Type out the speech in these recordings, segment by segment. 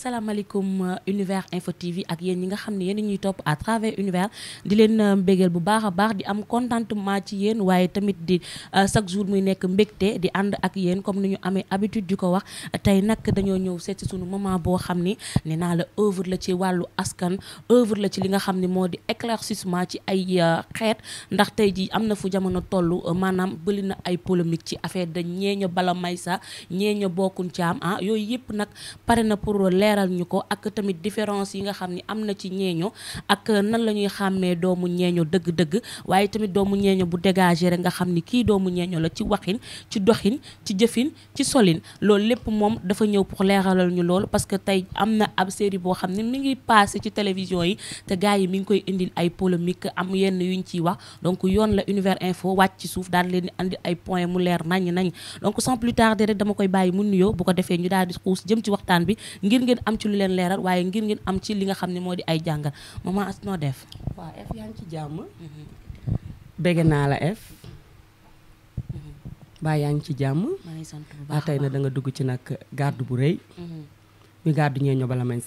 salaamaaleykum euh, univers info TV ak yéen ñi nga xam ne yéen ñuy topp à travers univers di leen euh, mbégeel bu baax a baax di am contentement ci yéen waaye tamit di euh, chaque jour muy nekk mbégte di ànd ak yéen comme ni ñu amee habitude di ko wax tey nag dañoo ñëw seet si sunu moment boo xam ni nee naa la œuvre la ci wàllu askan œuvre la ci li nga xam ne moo di éclaircissement ci ay xeet ndax tey ji am na fu jamono toll maanaam bëri na ay polémique ci affaire dañ ñeeño bala may sa ñeeño bokkuñ caam ah yooyu yëpp nag leeral ñu ko ak tamit différence yi nga xam ni am na ci ñeeño ak nan la ñuy xàmmee doomu ñeeño dëgg-dëgg waaye tamit doomu ñeeño bu dégagé rek nga xam ni kii doomu ñeeño la ci waxin ci doxin ci jëfin ci solin loolu lépp moom dafa ñëw pour leeralal ñu loolu parce que tey am na ab série boo xam ne mi ngi passé ci télévision yi te gaa yi mi ngi koy indil ay polémique am yenn yuñ ciy wax donc yoon la univers info wàcc ci suuf daal leen di andi ay point mu leer nañ nañ donc sans am ci lu leen leeral waaye ngir ngeen am ci li nga xam ne moo di ay jàngal maman as noo def. waaw ci jàmm. Mhm. naa la F. Mhm. baa yaa ngi ci jàmm. maa ngi sant bu baax na da dugg ci nag garde bu rëy. Mhm. ñu garde ñee bala mañ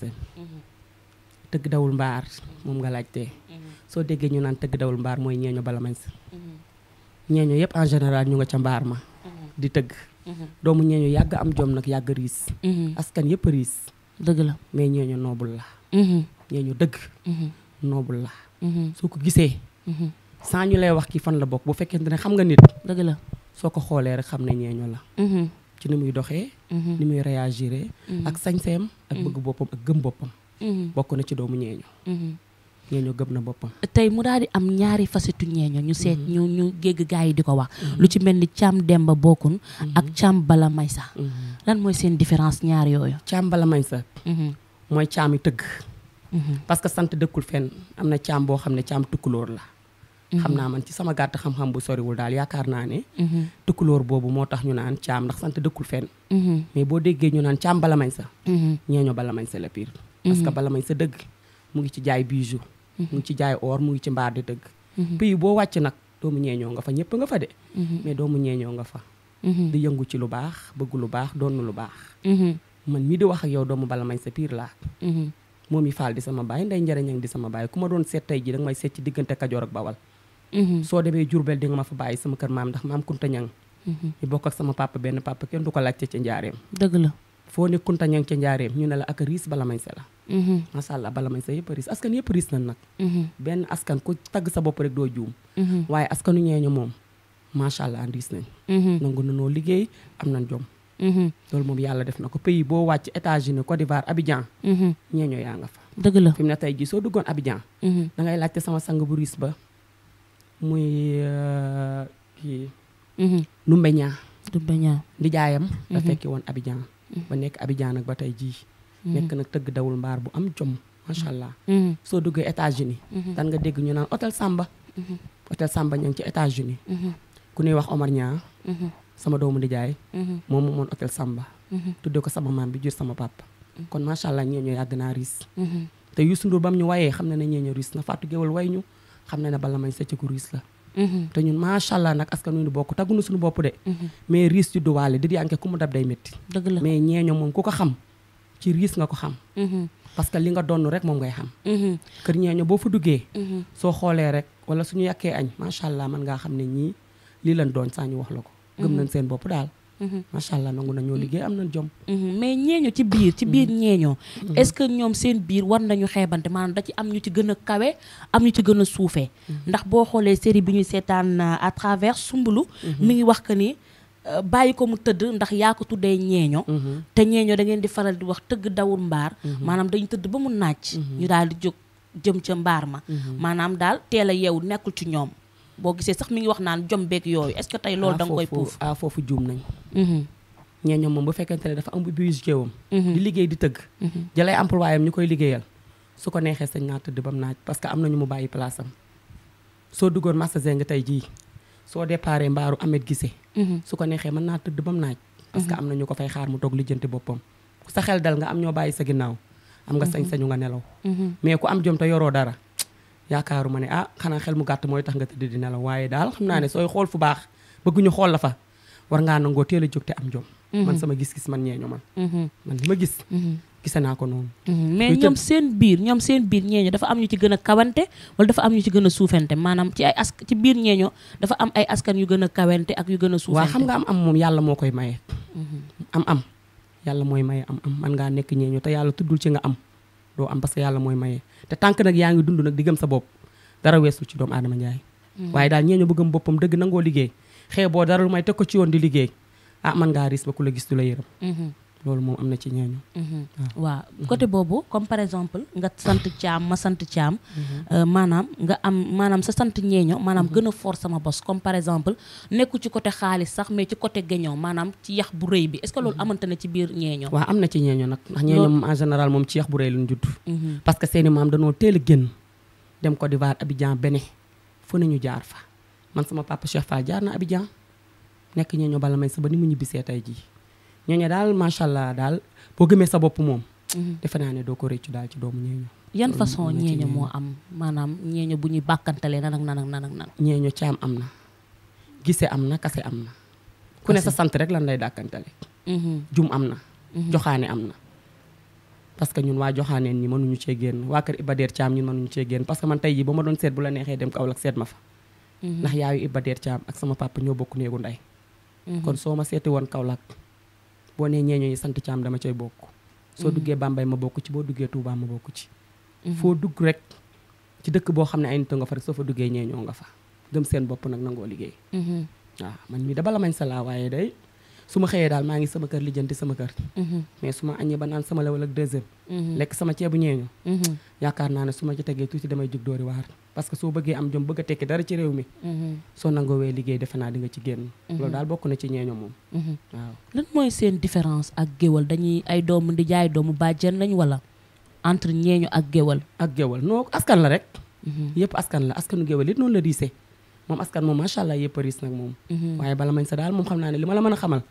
tëgg dawul mbaar moom nga laajtee. soo déggee ñu naan tëgg dawul mbaar mooy ñeeño bala mañ ñeeño yëpp en général ñu nga ca mbaar ma di tëgg doomu ñeeño yàgg am jom nag yàgg riis askan yëpp riis dëgg la mais ñooñu noobul la mm-hmm. ñooñu dëgg mm-hmm. noobul la mm-hmm. soo ko gisee sans ñu lay wax kii fan la bokk bu fekkente ne xam nga nit dëgg la soo ko xoolee rek xam ne ñeeñu la ci ni muy doxee ni muy réagiré ak sañseem ak bëgg boppam ak gëm boppam bokk na ci doomu ñeeñu ñeeño gëm na boppam mu daal di am ñaari facetu ñeeño ñu seet mm-hmm. ñu ñu gégg gars yi di ko wax mm-hmm. lu ci mel ni Thiam Demba Bokun mm-hmm. ak Thiam Bala Maysa lan mooy seen différence ñaar yooyu Thiam Bala Maysa mooy caami tëgg parce que sant dëkkul fenn am na caam boo xam ne caam tukkulóor la xam naa man ci sama gàtt xam-xam bu soriwul daal yaakaar naa ne tukkulóor boobu moo tax ñu naan caam ndax sant dëkkul fenn mais boo déggee ñu naan caam bala mañ sa ñeeño bala mañ sa la pire parce bala mañ sa dëgg mu ngi ci jaay bijou mu ngi ci jaay or mu ngi ci mbaar di dëgg mhm. pays boo wàcc nag doomu ñeeñoo nga fa ñëpp nga fa de mhm. mais doomu ñeeñoo nga fa mhm. di yëngu ci lu baax bëgg lu baax doon lu baax man mi di wax ak yow doomu bala may sa piir laa moom i faal di sama baay nday njariñang di sama baay ku ma doon seet ji danga may seet ci diggante Kajoor ak Bawal soo demee Jurbel di nga ma fa bàyyi sama kër maam ndax maam Kunta Ñang ñu bokk ak sama papa benn papa kenn du ko laajte ca njaareem dëgg la foo ne Kunta Ñang ca njaareem ñu ne la ak riis bala may sa la Mm-hmm. macha allah bala may sa yëpp riis yëpp riis nañ nag mm-hmm. benn askan ku tagg sa bopp rek doo juum mm-hmm. waaye askanu ñeeño moom macha allah riis nañ nangu nanoo liggéey am na jom loolu moom yàlla def na ko pays boo wàcc États-Unis Côte d'Ivoire Abidjan ñeeño yaa nga fa dëgg la fi mu ne tey soo duggoon Abidjan da ngay sama sang bu riis ba muy euh, kii Numbe Ñaa Numbe Ñaa nijaayam da fekki woon Abidjan ba nekk Abidjan nag ba tey Mm-hmm. nekk nag tëgg dawul mbaar bu am jom macha allah. Mm-hmm. soo duggee États-Unis mm-hmm. dan dégg ñu naan hôtel Samba. hôtel Samba ña ngi ci États-Unis ku ñuy wax Omar Niang. sama doomu nijaay. moom moomoon hôtel Samba. tuddee ko sama maam bi jur sama papa. kon macha allah ñee ñoo yàgg naa riis. te Youssou Ndour bam ñu wayee xam na ne ñee ñoo riis na Fatou Guewel way ñu xam na ne bala may sëcc ku riis la. te ñun macha allah nag askan wi ñu bokk tagguñu suñu bopp de. mais riis yu duwaale di ko xam. ci riis nga ko xam mm-hmm. parce que li nga donn rek moom ngay xam mm-hmm. kër ñeeño boo fa duggee mm-hmm. soo xoolee rek wala suñu yàkkee añ macha allah mën ngaa xam ne ñii lii lañ doon saa ñu wax la ko gëm nañ seen bopp daal macha allah nangu nañoo liggéey am nañ jom mais ñeeño ci biir ci biir ñeeñoo est ce que ñoom seen biir war nañu xeebante maanaam da ci am ñu ci gën a kawe am ñu ci gën a suufee ndax boo xoolee série bi ñuy seetaan euh, à travers Soumboulou ngi wax que ni Euh, bàyyi ko mu tëdd ndax yaa ko tuddee ñeeño mhm. te ñeeño da ngeen di faral di wax tëgg dawul mbaar mhm. maanaam dañu tëdd ba mu naaj mhm. ñu daal di jóg jëm ca mbaar ma maanaam daal teel a yeewu nekkul ci ñoom boo gisee sax mu ngi wax naan jom beeg yooyu est-ce que tey loolu ah, da nga koy puuf ah foofu juum nañ ñeeño moom bu fekkente ne dafa am busigéewam di liggéey di tëgg jëlay employé ñu koy liggéeyal su ko neexee sañ naa tëdd ba mu naaj parce que am ñu mu bàyyi place soo duggoon Massa Zeng tey jii soo déparé mbaaru Ahmed Guissé Mm-hmm. su ko neexee mën naa tëdd ba mu naaj parce que am na ñu ko fay xaar mu toog lijjanti boppam sa xel dal nga am ñoo bàyyi sa ginnaaw am nga mm-hmm. sañ-sañu nga nelaw mm-hmm. mais ku am jom te yoroo dara yaakaaruma ne ah xanaa xel mu gàtt mooy tax nga tëdd di nelaw waaye daal xam naa ne sooy xool fu baax bëgguñu xool la fa war ngaa nangoo teel a jóg te am jom man sama gis-gis man ñeeño man man li ma gis gise naa ko noonu. Mm-hmm. mais ñoom seen biir ñoom seen biir ñeeño dafa am ñu ci gën a kawante wala dafa am ñu ci gën a suufante maanaam ci ay ask ci biir ñeeño dafa am ay askan yu gën a kawante ak yu gën a suufante. xam nga am am moom yàlla moo koy maye. am mm-hmm. am yàlla mooy maye am am man ngaa nekk ñeeño te yàlla tuddul ci nga am doo am parce que yàlla mooy maye te tànk nag yaa ngi dund nag di gëm sa bopp dara weesul ci doomu aadama Njaay. Mm-hmm. waaye daal ñeeño bu gëm boppam dëgg nangoo liggéey xee boo dara lu may teg ko ci yoon di liggéey ah man ngaa ris ba ku la gis du la yërëm loolu moom am na ci ñooñu. Mhm. waa côté boobu comme par exemple nga sant caam ma sant caam. Mhm. Euh, maanaam nga am maanaam sa sant ñeeño maanaam mhm. gën a fort sama bos comme par exemple nekku ci côté xaalis sax mais ci côté géñoo maanaam ci yax bu rëy bi es que loolu amante na ci biir ñeeño. waaw am na ci ñeeño nag ndax ñeeño moom en général moom ci yax bu rëy lañ judd. parce que seeni maam danoo teel a génn dem Côte d'Ivoire Abidjan Bénin fu ñu jaar fa man sama papa Cheikh Fall jaar na Abidjan nekk ñeeño bala may sa ba ni mu ñibbisee tey jii. ñooñu daal macha allah daal boo gëmee sa bopp moom. Mhm. defe naa ne doo ko rëccu daal ci doomu ñeeño. yan façon ñeeño moo am maanaam ñeeño bu ñuy bàkkantalee nan ak nan ak nan ak nan. ñeeño caam am na gise am na kase am na. ku ne sa sant rek lan lay dàkkantale. Mhm. jum am na. Mhm. joxaane am na. parce que ñun waa joxaaneen ñi mënuñu cee génn waa kër Ibadeer Thiam ñun mënuñu cee génn parce que man tey jii ba ma doon seet bu la neexee dem Kaolack seet ma fa. ndax yaayu Ibadeer Thiam ak sama papa ñoo bokk néegu ndey. kon soo ma seeti woon Kaolack boo nee ñeeño yi sant caam dama cay bokk soo mhm. duggee Bambey ma bokk ci boo duggee Touba ma bokk ci mhm. foo dugg rek ci dëkk boo xam ne ay nit nga fa rek soo fa duggee ñeeñoo nga fa gëm seen bopp nag nangoo liggéey mhm. waaw man mi da bala mañ salaa waaye day su ma xëyee daal maa ngi sama kër lijjanti sama kër mhm. mais su ma añee ba naan sama lewal ak deux mhm. lekk sama ceebu ñeeño mhm. yaakaar naa su ma ci tegee tuuti damay jug dóori waar parce soo bëggee am jom bëgg a tekki dara ci réew mi soo nangoo wee liggéey defe naa di ci génn loolu daal bokk na ci ñeeño moom waaw lan mooy seen différence ak géwal dañuy ay doomu ndi jaay doomu bàjjen lañ wala entre ñeeño ak géwal ak géwal non askan la rek yëpp la askanu géwal it noonu a a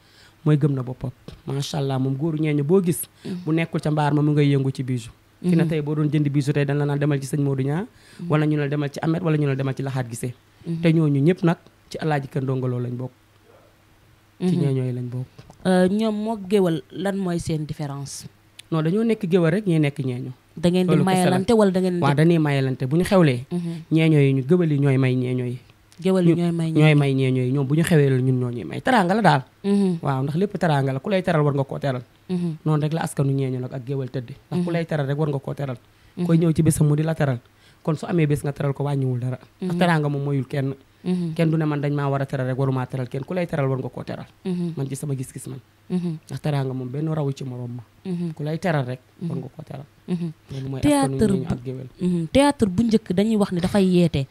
mooy gëm na boppam macha allah moom góoru ñeeño boo gis mm. bu nekkul ca mbaar ma mu ngay yëngu ci bijou ki mm-hmm. na tey boo doon jënd bijou tey dañ la naan demal ci sëñ Modou Niang ñu ne demal ci Amet wala ñu ne demal ci Laxaat Gise mm-hmm. te ñoo ñu ñëpp nag ci alaaji kër ndongaloo lañ bokk ci ñeeño mm-hmm. yi lañ bokk euh, ñoom moo géwal lan mooy seen différence non dañoo nekk géwal rek ñi nekk ñeeño da ngeen di mayalante wala da ngeen waaw dañuy mayalante bu ñu xewlee ñeeño yi ñu géwal ñooy may ñeeño yi géwël yi ñooy may ñooy may ñee ñooy ñoom bu ñu xewee loolu ñun ñoo ñuy may teraanga la daal mm-hmm. waaw ndax lépp teraanga la ku lay teral war nga koo teral mm-hmm. noonu rek la askanu ñeeño nag ak géwël tëdd ndax ku mm-hmm. lay teral rek war nga koo teral koy ñëw ci bésam mu di la teral kon su amee bés nga teral ko wàññiwul dara ndax teraanga moom mooyul kenn Mm-hmm. kenn du ne man dañ maa war a teral rek warumaa teral kenn ku lay teral war nga koo teral mm-hmm. man ci sama gis-gis man mm-hmm. ndax teraanga moom benn rawu ci morom bu njëkk dañuy wax ne dafay yeete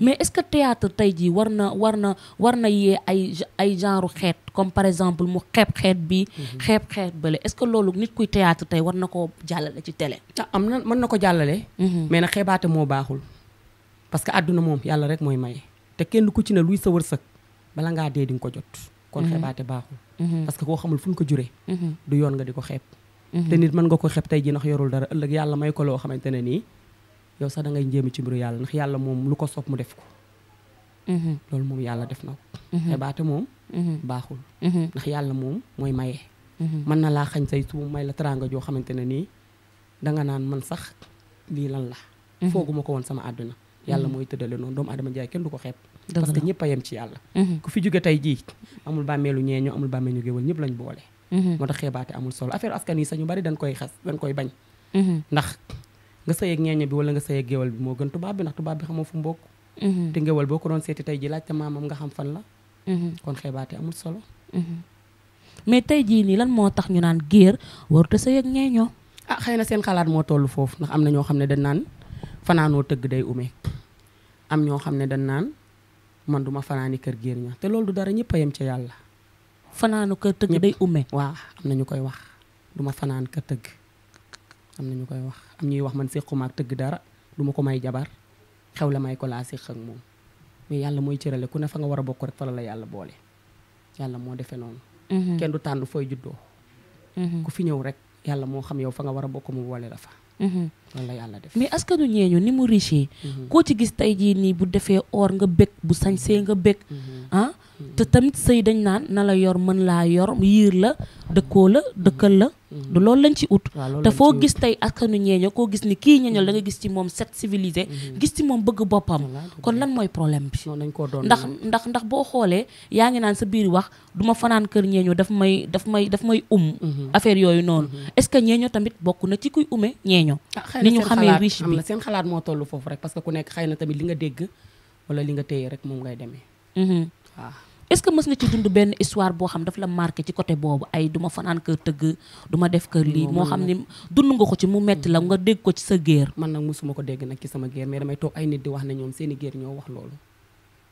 mais est-ce que théâtre tey jii war na war na war na yee ay ay genre xeet comme par exemple mu xeeb xeet bi xeeb xeet bale est-ce que loolu nit kuy théâtre tey war na koo jàllale ci télé ah am na mën na ko jàllale mais na xeebaate moo baaxul parce que àdduna moom yàlla rek mooy maye te kenn ku ci ne luy sa wërsëg bala ngaa dee di nga ko jot kon mhm. xeebaate baaxul mhm. parce que koo xamul fu ñu ko juree mhm. du yoon nga di ko xeeb te nit mën nga ko xeeb tey ji ndax yorul dara ëllëg yàlla may ko loo xamante ne nii yow sax da ngay njéemi ci mbiru yàlla ndax yàlla moom lu ko sopp mu def ko loolu moom yàlla def na ko xeebaate moom baaxul ndax yàlla moom mooy maye mën na laa xañ say sumu may la teraanga joo xamante ne nii danga naan man sax lii lan la fooguma ko woon sama àdduna yàlla hmm. mooy tëddale noonu doomu aadama njaay kenn du ko xeeb parce que ñëpp a yem ci yàlla hmm. ku fi jóge tey jii amul bàmmeelu ñeeño amul bàmmeelu géwél ñëpp lañ boole hmm. moo tax xeebaate amul solo affaire askan yi sañu bari dañ koy dañ koy bañ ndax nga sëyeeg ñeeño bi wala nga sëyeeg géwél bi moo gën tubaab bi ndax tubaab bi xamoo fu mbokk te boo ko doon seeti tey ji laajte maamam nga xam fan la kon xeebaate amul solo mais tey jii nii lan moo tax ñu naan géer warut a sëy ak ñeeñoo ah xëy na seen xalaat moo toll foofu ndax am na ñoo xam ne dañ naan fanaanoo tëgg day ume am ñoo xam ne dañ naan man duma fanaani kër géer ña te loolu du dara ñëpp yem ca yàlla. fanaanu kër tëgg day ume waa am na ñu koy wax duma fanaan kër tëgg am na ñu koy wax am ñuy wax man séquma ak tëgg dara duma ko may jabar xew la may ko laa séq ak moom mais yàlla mooy cërale ku ne fa nga war a bokk rek fa la la yàlla boole yàlla moo defee noonu. Mhm. kenn du tànn fooy juddoo. Mhm. ku fi ñëw rek yàlla moo xam yow fa nga war a bokk mu boole la fa. Mhm. loolu la yàlla ñeeñu ni mu riche. Mhm. koo ci gis tey jii nii bu defee or nga bëgg bu sañsee nga bëgg. Mhm. Ah? te tamit sëy dañ naan na la yor mën laa yor yiir la dëkkoo la dëkkal la mm-hmm. du loolu lañ ci ut te foo gis tey askanu ñeeño koo gis ni kii ñeeño la nga gis ci moom set civilisé mm-hmm. gis ci moom bëgg boppam kon lan mooy problème bi ndax ndax ndax boo xoolee yaa ngi naan sa biir wax du ma fanaan kër ñeeño daf may daf may daf may um mm-hmm. affaire yooyu noonu est-ce que ñeeño tamit bokk na ci kuy ume ñeeño ah, ni ñu xamee riche bi seen xalaat moo toll foofu rek parce que ku nekk xëy na li nga dégg wala li nga téye rek moom ngay demee waaw est-ce que mës na ci dund benn histoire boo xam daf la marqué ci côté boobu ay du ma fanaan kër tëgg du ma def kër lii moo xam ni dund nga ko ci mu metti la nga dégg ko ci sa géer man nag mosuma ko dégg nag ci sama géer mais damay toog ay nit di wax ne ñoom seeni géer ñoo wax loolu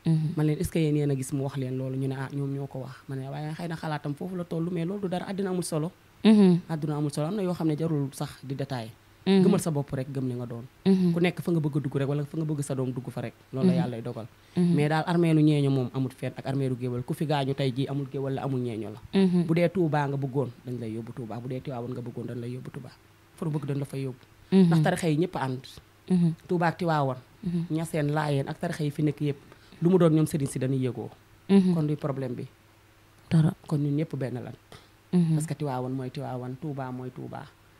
mhm. man leen est-ce yéen yéen mu wax leen loolu ñu ne ah ñoom ñoo ko wax man ne waaye xëy na xalaatam foofu la toll mais loolu du dara àddina amul solo mhm. àddina amul solo am na yoo xam ne jarul sax di détail Mm-hmm. gëmal sa bopp rek gëm ni nga doon mm-hmm. ku nekk fa nga bëgg a dugg rek wala fa nga bëgg sa doom dugg fa rek loolu la mm-hmm. yàllay dogal mais daal armeelu ñeeño moom amul fenn ak armeelu géwal ku fi gaañu tey jii amul géwal la amul ñeeño la bu dee Touba nga bëggoon dañ lay yóbbu Touba bu dee Tiwaawan nga bëggoon dañ lay yóbbu Touba foro bëgg dañ la fa yóbbu ndax tarixa yi ñëpp ànd Touba ak Tiwaawan ñaseen laayeen ak tarixa yi fi nekk yëpp lu mu doon ñoom sëriñ si dañuy yëgoo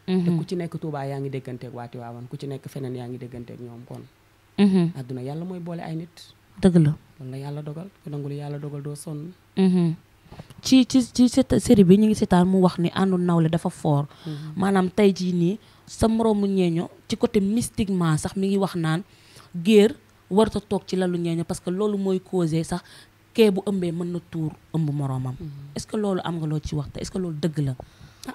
te mhm. ku ci nekk Touba yaa ngi dégganteeg waa waawan ku ci nekk feneen yaa ngi dégganteeg ñoom kon mhm. àdduna yàlla mooy boole ay nit dëgg la loolu la yàlla dogal ku nangul yàlla dogal doo sonn mhm. ci ci ci série bi ñu ngi seetaan mu wax ni àndu nawle dafa foor maanaam tey jii nii sa moroomu ñeeño ci côté mystiquement sax mi ngi wax naan géer warta toog ci lalu ñeeño parce que loolu mooy causé sax kee bu ëmbee mën na tuur ëmb moroomam est-ce que loolu am nga loo ci wax te loolu dëgg la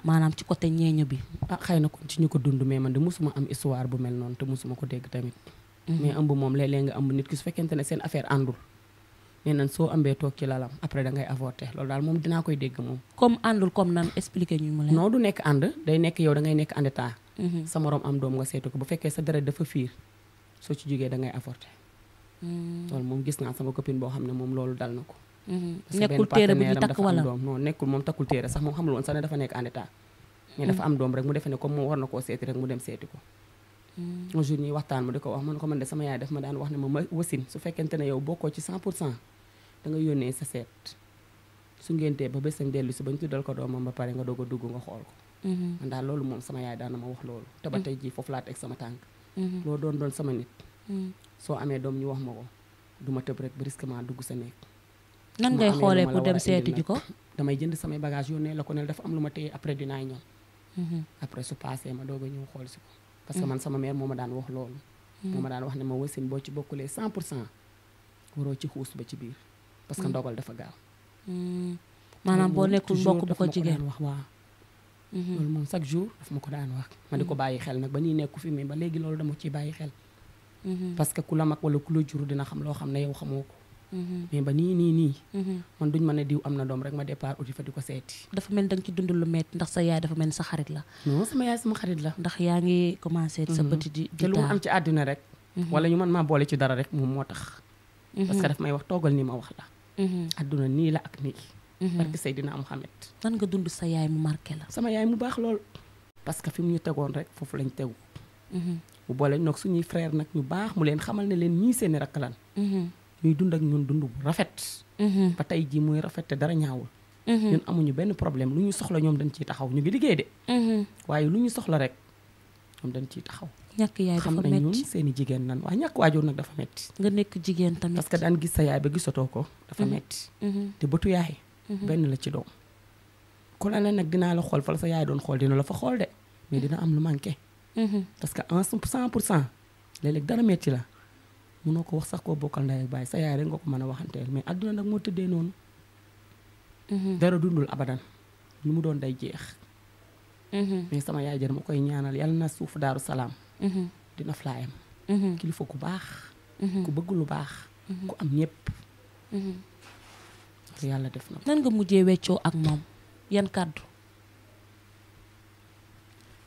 maanaam ci côté ñeeño bi ah xëy na ko ci ñu ko dund mais man de mosuma am histoire bu mel noonu te mosuma ko dégg tamit mm-hmm. mais ëmb moom léeg-léeg nga ëmb nit ki su fekkente ne seen affaire àndul nee nañ soo ëmbee toog ci lalam après da ngay avorté loolu daal moom dinaa koy dégg moom comme àndul comme nan expliqué ñu mu la non nekk ànd day nekk yow da ngay nekk en état mm-hmm. sa morom am doom nga seetu ko bu fekkee sa deret dafa fiir soo ci jógee da ngay avorté mm. loolu moom gis naa sama copine boo xam ne moom loolu dal na ko Mm-hmm. nekkul téere bu ñu takk wala non nekkul moom takkul téere sax moom xamul woon sax ne dafa nekk en état mais dafa am mm-hmm. doom rek na koo seeti rek mu dem mm-hmm. waxtaan mu di ko wax man ko man de sama yaay daf ma daan wax ne ma ma wasin su fekkente ne yow bokkoo ci 100 pour cent da nga yónnee sa seet su ngéntee ba bés dellu si ba ñu tuddal ko doomam ba pare nga doog a dugg nga xool ko man daal loolu moom sama yaay daan na ma wax loolu te ba tey jii foofu laa teg sama tànk loolu doon doon sama nit soo amee doom ñu wax ma ko du ma tëb rek brusquement dugg sa nekk nan ngay xoolee pour dem seeti ji ko damay jënd samay bagage yónnee la ko ne dafa am lu ma téye après dinaa ñëw mm-hmm. après su passé ma doog a ñëw xool ko parce que mm-hmm. man sama mère moo ma daan wax loolu mm-hmm. moo ma daan wax ne ma wasin boo ci bokkulee cent pour cent waroo ci ba ci biir parce que ndogal dafa gaaw maanaam boo nekkul mbokk bu ko jigéen wax waaw loolu moom chaque jour daf ma ko daan wax ma di ko bàyyi xel nag ba ñuy nekku fi mais ba léegi loolu dama ciy bàyyi xel parce que ku la mag wala ku la jur dina xam loo xam ne yow xamoo ko Mm-hmm. mais ba nii nii nii. Mm-hmm. man duñ ma a diw am na doom rek ma départ uti fa di ko seeti. dafa mel da nga ci dund lu métti ndax sa yaay dafa mel sa xarit la. non sama yaay sama xarit la. ndax yaa ngi commencé. sa mm-hmm. petit di di te lu am ci àddina rek. wala ñu mën maa boole ci dara rek moom moo tax. parce que daf may wax toogal ni ma wax la. àdduna nii la ak nii. parce que Seydina Mohamed. nan nga dund sa yaay mu marke la. sama yaay mu baax lool. parce que fi mu ñu tegoon rek foofu lañ tegu. bu boole su ñuy frère nag ñu baax mu leen xamal ne leen ñii seeni rakk lan ñuy dund ak ñun dund bu rafet. Mhm. ba tey jii muy rafet te dara ñaawul. Mhm. ñun amuñu benn problème lu ñu soxla ñoom dañ ciy taxaw ñu ngi liggéey de. Mhm. waaye lu ñu soxla rek ñoom dañ ciy taxaw. ñàkk yaay dafa metti xam nañ seen i jigéen nan waaye ñàkk waajur nag dafa metti nga nekk jigéen tamit. parce que daan gis sa yaay ba gisatoo ko dafa metti te bëtu yaay. benn la ci doom. ku la ne nag dinaa la xool fa la sa yaay doon xool dina la fa xool de mais dina am lu manqué. parce que un cent pour cent léeg-léeg dara metti la. munoo ko wax sax koo bokkal ndey ak baay sa yaay rek nga ko mën a waxanteel mais adduna nag moo tëddee noonu. Mm-hmm. dara dundul abadan lu mu doon day jeex. Mm-hmm. mais sama yaay jër ma koy ñaanal yàlla na suuf daaru salaam. Mm-hmm. dina flaayam. kilifa ku baax. ku bëgg lu baax. ku am ñëpp. yàlla def na nan nga mujjee weccoo ak moom yan kàddu.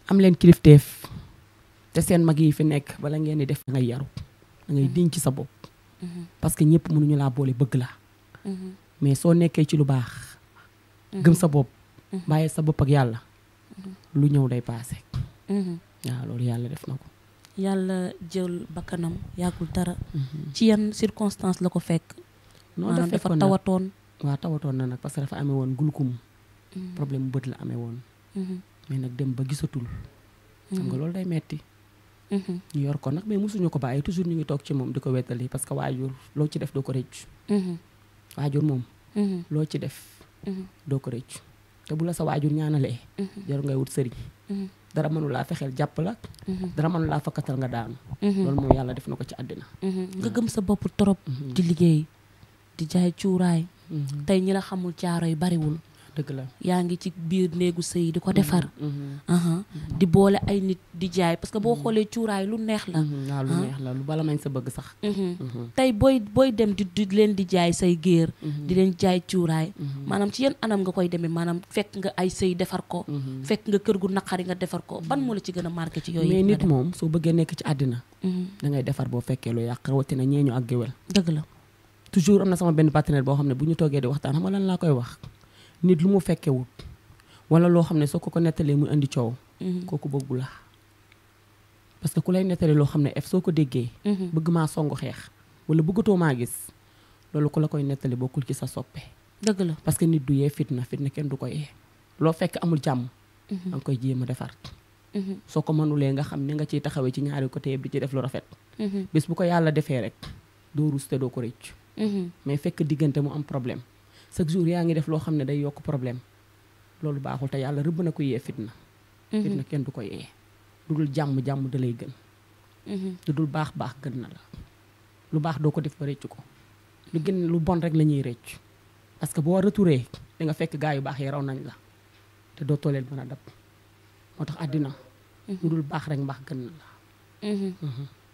am leen kilifteef te seen mag yi fi nekk bala ngeen di def ngay yaru. da ngay mhm. denc sa bopp. Mhm. parce que ñëpp ñu laa boole bëgg la mhm. mais soo nekkee ci lu baax. gëm sa bopp. bàyyi sa bopp ak yàlla. lu ñëw day paase. waaw loolu yàlla def na ko. yàlla jël bakkanam yàggul dara. ci yan circonstance la ko fekk. non dafa tawatoon waa tawatoon na nag parce que dafa amee woon gulkum. problème mu bët la amee woon. mais nag dem ba gisatul. xam nga loolu day metti Mhm. ñu yor ko nag mais mosuñu ko bàyyi toujours ñu ngi toog ci moom di ko wettali parce waajur loo ci def doo ko rëccu mhm. waajur moom mhm. loo ci def doo ko rëccu te bu la sa waajur ñaanalee yor ngay wut sëriñ dara mënulaa fexeel jàpp la dara mënulaa fakkatal nga daanu loolu moom yàlla def na ko ci àddina nga gëm sa bopp trop di liggéey di jaay cuuraay tey ñi la xamul caaro yi bariwul dëgg la yaa ngi ci biir néegu sëy di ko mm-hmm. defar. Mm-hmm. Uh-huh. Mm-hmm. di boole ay nit di jaay parce que boo xoolee cuuraay lu neex la. waaw lu uh-huh. neex la lu bala mañ sa bëgg sax. tey booy booy dem di leen di jaay say géer. di leen jaay cuuraay. maanaam ci yenn anam nga koy demee maanaam fekk nga ay sëy defar ko. fekk nga kër gu naqari nga defar ko ban moo la ci gën a marqué ci yooyu. mais nit moom soo bëggee nekk ci àddina. da ngay defar boo fekkee lu yàq rawatina ñeeñu ak géwél. dëgg la toujours am na sama benn partenaire boo xam nit lu mu fekkewut wala loo xam ne soo ko ko nettalee mu indi coow. Mm-hmm. kooku bëggu la parce que ku lay nettalee loo xam ne ef soo ko déggee. Mm-hmm. bëgg maa songu xeex wala bëggatoo maa gis loolu ko la koy nettali bokkul ci sa soppe. dëgg la parce que nit du yee fitna fitna kenn du ko yee loo fekk amul jàmm. Mm-hmm. da nga koy jéem a defar. soo ko mënulee nga xam ne nga ciy taxawee ci ñaari côté bi ci def lu rafet. bis bu ko yàlla defee rek doo ruus te doo ko rëcc. mais fekk diggante mu am problème. chaque jour yaa ngi def loo xam ne day yokk problème loolu baaxul te yàlla rëbb na ko yee fitna. Mhm. fitna kenn du ko yee. lu dul jàmm jàmm da lay gën. Mhm. lu dul baax baax gën na la. lu baax doo ko def ba rëcc ko. lu gën lu bon rek la ñuy rëcc. parce que boo retouré da nga fekk gaa yu baax yi raw nañ la te doo tooleen mën a dab tax àddina. Mhm. lu dul baax rek mbaax gën na la.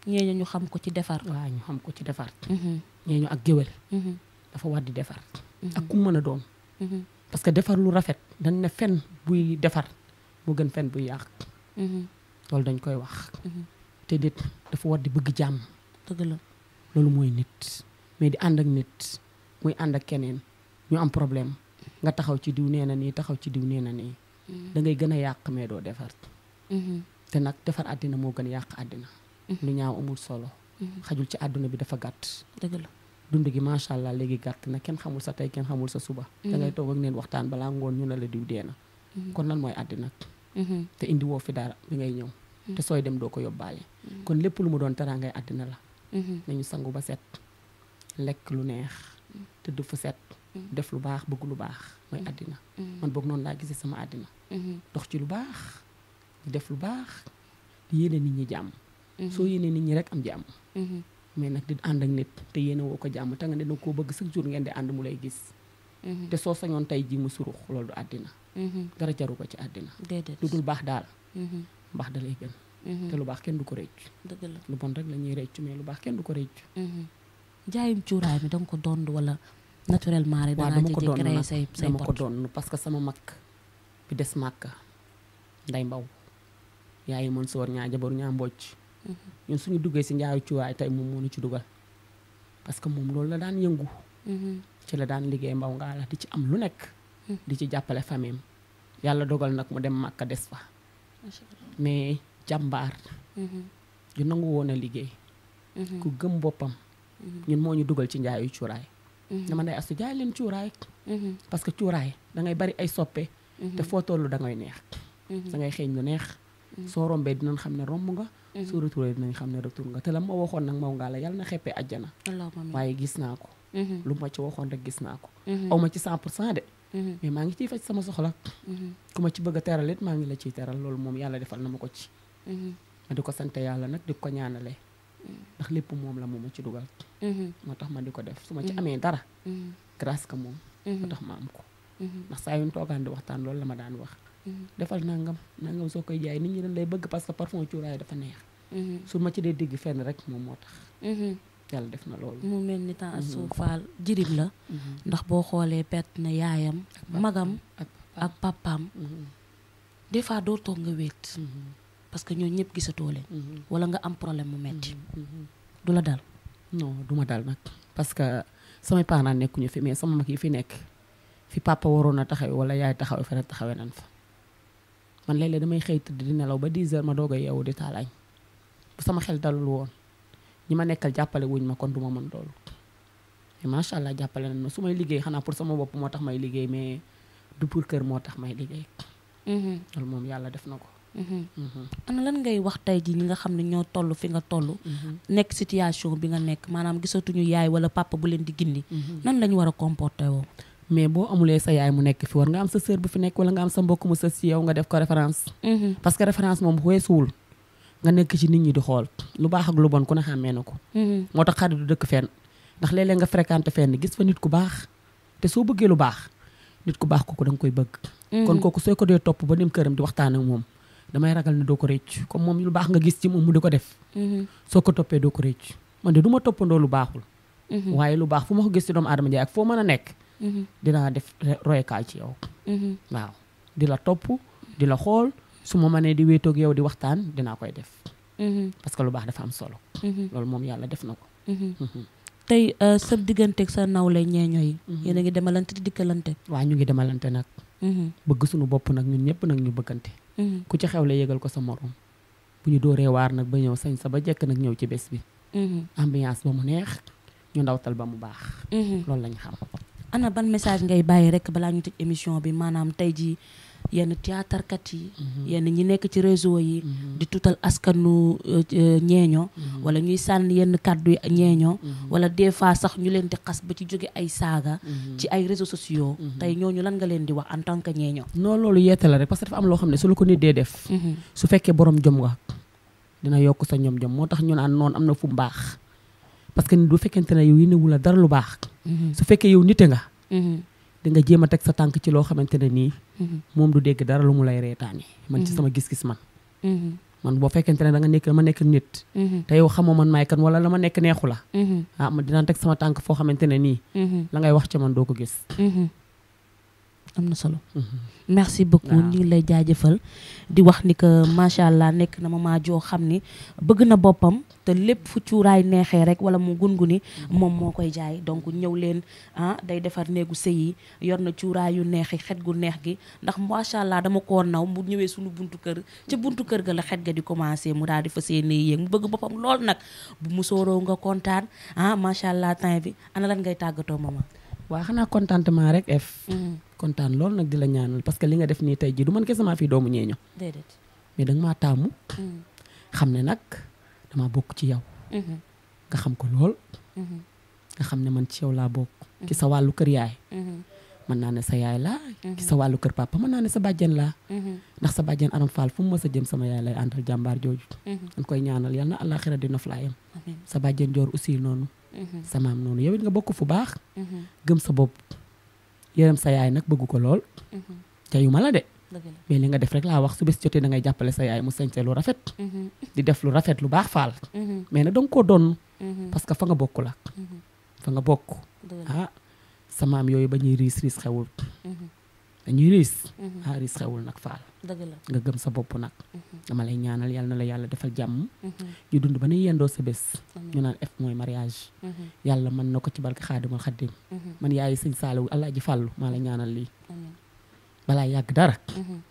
ñeeñu ñu xam ko ci defar. waa ñu xam ko ci defar. ñeeñu ak géwél. dafa war defar. ak ku mën a doon mm-hmm. parce que defar lu rafet dañ ne fen buy defar mu gën fen buy yàq mm-hmm. loolu dañ koy wax mm-hmm. te nit dafa war di bëgg jàmm dëgg la loolu mooy nit mais di ànd ak nit muy ànd ak keneen ñu am problème nga taxaw ci diw nee na nii taxaw ci diw neena nii da ngay gën a yàq mais doo defar te nag defar àddina moo gën yàq àddina lu ñaaw amul solo xajul ci àdduna bi dafa gàtt dund gi macha allah léegi gàtt na kenn xamul sa tey kenn xamul sa suba. Mm-hmm. da ngay toog ak neen waxtaan balaa ngoon ñu ne la diw na. Mm-hmm. kon lan mooy àddina. Mm-hmm. te indi woo fi dara bi ngay ñëw. te sooy dem doo ko yóbbaale. kon lépp lu ma doon taraa ngay àddina la. nañu sangu ba set lekk lu neex tëdd fu set. def lu baax bëgg lu baax mooy àddina. man boog noonu laa gisee sama àddina. dox ci lu baax def lu baax yéene nit ñi jàmm. soo yéene nit ñi rek am jàmm. mais nag di ànd ak nit te yéen a ko jàmm te nga ne danga koo bëgg chaque jour ngeen di ànd mu lay gis. Mm-hmm. te soo sañoon tey jii mu surux loolu du àddina. Mm-hmm. dara jaru ko ci àddina. déedéet lu dul baax daal. mbaax mm-hmm. da lay gën. te lu baax kenn du ko rëcc. dëgg lu bon rek la ñuy rëcc mais lu baax kenn du ko rëcc. jaayum cuuraay mi da nga ko dond wala naturellement rek. da nga ko doon créé say doon parce que sama mag bi des màkk nday mbaw yaayi Mansoor ñaa jabaru ñaa mbocc Mm-hmm. ñun suñu duggee si njaayu cuwaay tey moom moo ñu ci dugal parce que moom loolu la daan yëngu mm-hmm. ci la daan liggéey mbaw ngaa la di ci am lu nekk mm-hmm. di ci jàppale famille yàlla dogal nag mu dem màkka des fa mais jàmbaar ju nangu woon a liggéey ku gëm boppam ñun moo ñu dugal ci njaayu cuuraay dama day astu jaay leen cuuraay parce que cuuraay da ngay bari ay soppe te foo tollu da neex da ngay xeeñ lu neex Mm-hmm. soo rombee dinañ xam ne romb nga mm-hmm. soo retouré dinañ xam ne retour nga te la ma waxoon nag maw ngaa la yàlla na xeppee ajjana waaye gis naa ko mm-hmm. lu ma ci waxoon rek gis naa ko aw ma ci 100 pour cent de mais maa ngi ciy faj sama soxla ku ma ci bëgg a teral it maa ngi la ciy teral loolu moom yàlla defal na ma ko ci ma di ko sant yàlla nag di ko ñaanale ndax lépp moom la moom ma ci dugal moo tax ma di ko def su ma ci amee dara grâce que moom moo tax ma am ko ndax saa toogaan di waxtaan loolu la ma daan wax Mm-hmm. defal nangam nangam soo koy jaay nit ñi dañ lay bëgg parce que parfum cuuraay dafa neex. Mm-hmm. su ma ci dee digg fenn rek moom moo tax. Mm-hmm. yàlla def na loolu. mu mel ni temps Astou Fall jirim la. ndax boo xoolee pet na yaayam. magam ak papaam. des fois doo toog nga wéet. parce que ñoo ñëpp gisatoo leen. wala nga am problème mu metti du la dal. non du ma dal nag parce que samay naa nekkuñu fi mais sama mag yi fi nekk fi papa waroon a taxaw wala yaay taxaw feneen taxawee nan fa. man léeg-léeg damay xëy tëdd di nelaw ba 10 heures ma doog a yeewu di taal añ bu sama xel dalul woon ñi ma nekkal jàppale wuñ ma kon du ma mën loolu mais macha allah jàppale nañ ma su may liggéey xanaa pour sama bopp moo tax may liggéey mais du pour kër moo tax may liggéey. Mm-hmm. loolu moom yàlla def na ko. Mm-hmm. Mm-hmm. ana lan ngay wax tey jii ñi nga xam ne ñoo toll fi nga toll. nekk situation bi nga nekk maanaam gisatuñu yaay wala papa bu leen di gindi. nan la ñu war a comporter woo. mais boo amulee sa yaay mu nekk fi war nga am sa sœur bu fi nekk wala nga am sa mbokk mu sës ci yow nga def ko référence mhm. parce que référence moom weesuwul nga nekk ci nit ñi di xool lu baax ak lu bon ku ne xàmmee na ko mhm. moo tax xarit du dëkk fenn ndax léeg-léeg nga fréquenté fenn gis fa nit ku baax te soo bëggee lu baax nit ku baax kooku da nga koy bëgg mhm. kon kooku soo ko dee topp ba dem këram di waxtaan ak moom damay ragal ne doo ko rëcc comme moom lu baax nga gis ci moom mu di ko def soo ko toppee doo ko rëcc man de du toppandoo lu baaxul waaye lu baax fu ma ko gis ci doomu aadama jaay ak foo mën a nekk Mm-hmm. dinaa def roykaay ci yow. Mm-hmm. waaw di la topp di la xool su ma ma nee di wéetoog yow di waxtaan dinaa koy def. Mm-hmm. parce que lu baax dafa am solo. loolu moom yàlla def na ko. tey euh, sa digganteeg sa nawle ñeeño yi. yéen a ngi demalante di dikkalante. waaw ñu ngi demalante nag. bëgg suñu bopp nag ñun ñëpp nag ñu bëggante. ku ci xew xewle yëgal ko sa morom. bu ñu dooree waar nag ba ñëw sañ sa ba jekk nag ñëw ci bés bi. ambiance ba mu neex ñu ndawtal ba mu baax. loolu lañ xam. ana ban message ngay bàyyi rek balaa ñu tëj émission bi maanaam tey ji yenn théâtrekat yi mhm. yenn ñi nekk ci réseau yi mhm. di tuutal askanu euh, euh, ñeeño mhm. wala ñuy sànni yenn kàddu ñeeño wala des fois sax ñu leen di xas ba ci jóge ay saaga ci ay réseaux sociaux tey ñooñu lan nga leen di wax en tant que ñeeño non loolu yeete la rek parce dafa am loo xam ne su la ko nit dee def su fekkee borom jom nga dina yokk sa ñoom jom moo tax ñu naan noonu am na fu mbaax parce que nit bu fekkente ne yow yéenewu la dara lu baax. Mm-hmm. su fekkee yow nite nga. Mm-hmm. nga jéem a teg sa tànk ci loo xamante ne nii. Mm-hmm. moom du dégg dara lu mu lay reetaani. man ci sama gis-gis man. man boo fekkente ne danga nekk ma nekk nit. te yow xamoo man maay kan wala la ma nekk neexu la. ah ma dinaa teg sama tànk foo xamante ne nii. la ngay wax ci man doo ko gis. am na solo. Mm-hmm. merci beaucoup ñu ngi lay jaajëfal. di wax ni que macha allah nekk na ma maman joo xam ni bëgg na boppam te lépp fu cuuraay neexee rek wala mu gunguni moom moo koy jaay donc ñëw leen ah day defar néegu sëy yi yor na cuuraay yu neexi xet gu neex gi ndax macha allah dama koo naw mu ñëwee suñu buntu kër ca buntu kër ga la xet ga di commencé mu daal di fas yéene yéeg mu bëgg boppam lool nag bu mu sooroo nga kontaan ah macha allah temps bi ana ngay tàggatoo maman. kontaan lool nag di la ñaanal parce que li nga def nii tey jii du man kese maa fi doomu ñeeño déedéet mais maa taamu. Mm. xam ne nag damaa bokk ci yow. Mm-hmm. nga xam ko lool. Mm-hmm. nga xam ne man ci yow laa bokk. ci mm-hmm. sa wàllu kër yaay. mën naa ne sa yaay laa. ci sa wàllu kër papa mën naa ne sa bàjjen laa. ndax sa bàjjen Aram Fall fu mu mës a jëm sama yaay lay àndal jàmbaar jooju. dañ koy ñaanal yal na àllaaxira di noflaayam. sa bàjjen joor aussi noonu. sa maam noonu yow nga bokk fu baax. gëm sa bopp. yërëm sa yaay nag bëgg ko lool mhm. jayu ma la de mais li nga def rek laa wax su bés jotee da ngay jàppale sa yaay mu sañse lu rafet mhm. di def lu rafet lu baax faal mhm. mais na danga koo doon parce que fa nga bokk la fa nga bokk ah sa maam yooyu ba ñuy riis riis xewul dañuy riis ah riis xewul nag faal nga gëm sa bopp nag dama lay ñaanal yal na la yàlla defal jàmm. Mhm. ñu dund ba nuy yendoo sa bés. ñu naan F mooy mariage. Mhm. yàlla mën na ko ci barke xaadimul xaddim mhm. man yaay sëñ Saaliw Alaaji Fàllu maa la ñaanal lii. balaa yàgg dara.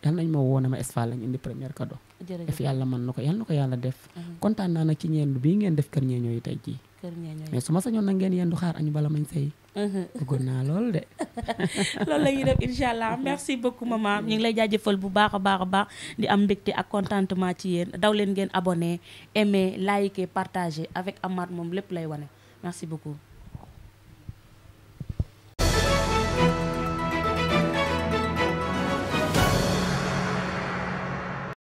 yal nañ ma woo ne ma Esfa lañ indi première cadeau. jërëjëf yàlla mën na ko yàlla def. kontaan naa ci ñeen bi ngeen def kër ñeeñoo yi tey jii. kër ñeeñoo mais su ma sañoon na ngeen yéen du xaar añu bala mañ sëy uh-huh. bëggoon naa lool de. loolu la ñuy def incha allah merci beaucoup maman ñu ngi lay jaajëfal bu baax a baax a baax di am mbégte ak contentement ci yéen daw leen ngeen abonné aimer liker partager avec Amath moom lépp lay wane merci beaucoup.